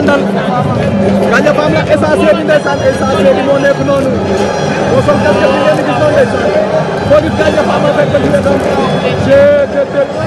àndal Gandia Fam la essentiel bi ndeysaan essentiel bi moo nekk noonu moo sol casque bi ngeen di gis noonu ndeysaan boo gis Gandia Fam la fekk ci wetam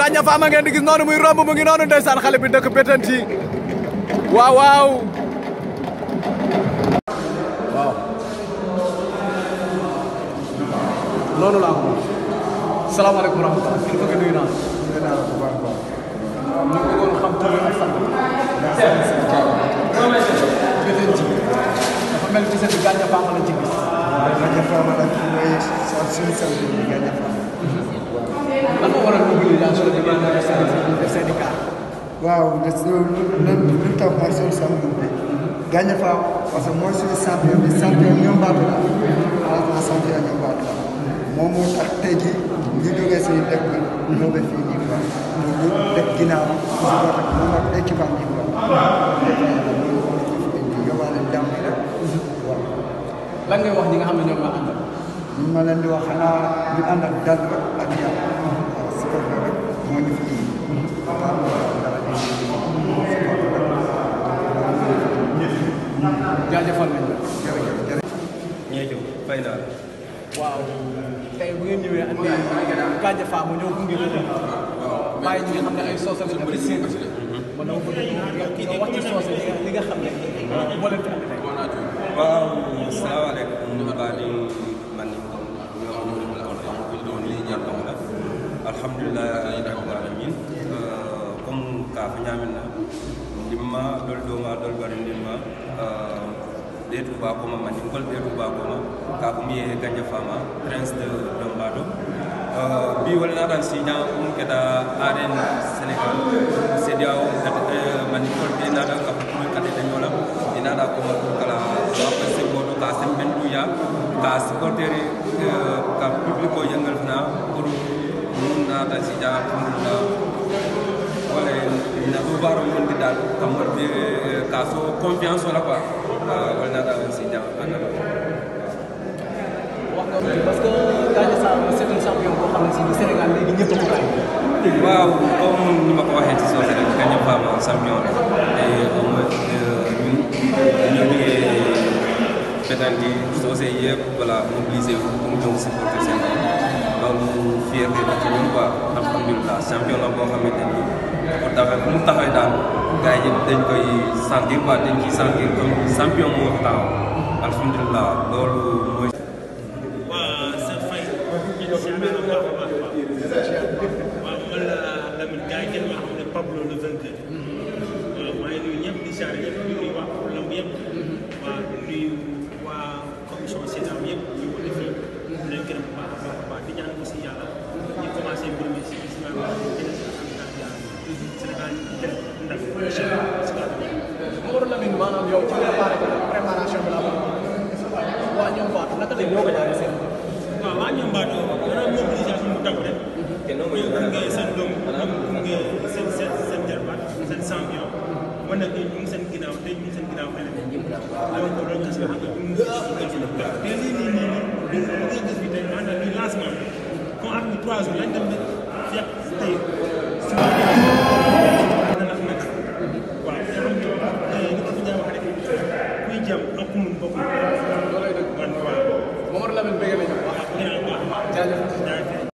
gaaña faama ngeen di gis noonu muy romb mu ngi noonu ndeysaan xale bi dëkk Bettenty waaw waaw waaw ko xam ak dafa mel ci la ci gis la ci lan moo waral waaw de loolu lu tax mooy suñu bi gagné fa parce que mooy suñu champion bi champion ñoom baatu ñoom baatu la moom moo tax tey jii ñu si dëkk bi ñoo fii nii quoi ñu def ginnaaw su ko tax moom ak équipe wax ñi nga xam ne ñoom la ma leen di wax xanaa ñu ànd ak dal rek ak yàlla waaw si kaw rek moo ñu fi jaajëfal nañ la jërëjëf jërëjëf ñeejëw fay naa waaw tey bu ngeen ñëwee andi Gandia Fama ñoo gunge leen bàyyi ñi nga xam ne ay soose la bëri seen ba dama bëgg nga wax ci soose li nga xam ne moo leen fi andi tey waaw salaamaaleykum Ya, alhamdulillah rabbil alamin comme dua dua dua dua dol do ma dol bari limma de tuba ko ganja fama prince de dombado bi wal um keda aren senegal sediao man ngol de na dan ka eh, ko ka de ñola ina da ko ma ko kala ma ko se ko do ka sem nunnaɗa sija tumna wala na ɗo baro gondi dal kam waɗɓe ka so confiance ola quoi walnaɗa on sija anana parce que Gandia Sarr c'est un champion boo xam ne si Sénégal léegi ñëpp ko gañ waaw comme ni ma ko waxee ci soose rek ka ñëpp am champion la et au moins euh, ñun ñoo jógee pétanque soose yëpp voilà mobiliser wu pour ñëw supporter Sénégal loolu fierté la ci ñun quoi alhamdulilah championnat boo xamante ni bu taxawee bu mu taxawee daal gars yi dañ koy sentir quoi dañ ciy sentir comme champion moo taxaw alhamdulilah loolu waa Seydou Faye. waaw man la Lamine gars yi kenn ma ne Pablo le vainqueur. waaw wax. Mor Lamine maanaam yow ci préparation bi la waa ñoom Fatou naka la ñoo ko jaaree seen waaw waa ñoom Fatou maanaam mobilisation bu taw rek te noonu mooy gunge seen doom maanaam gunge seen seen seen jarbaat seen champion wan na ñu ngi seen ginnaaw tey ñu ngi seen ginnaaw fële donc loolu kas la ñu te lii nii nii nii bu ngeen gis bi tey maanaam nii lancement bi comme am ni trois jours lañ dem tey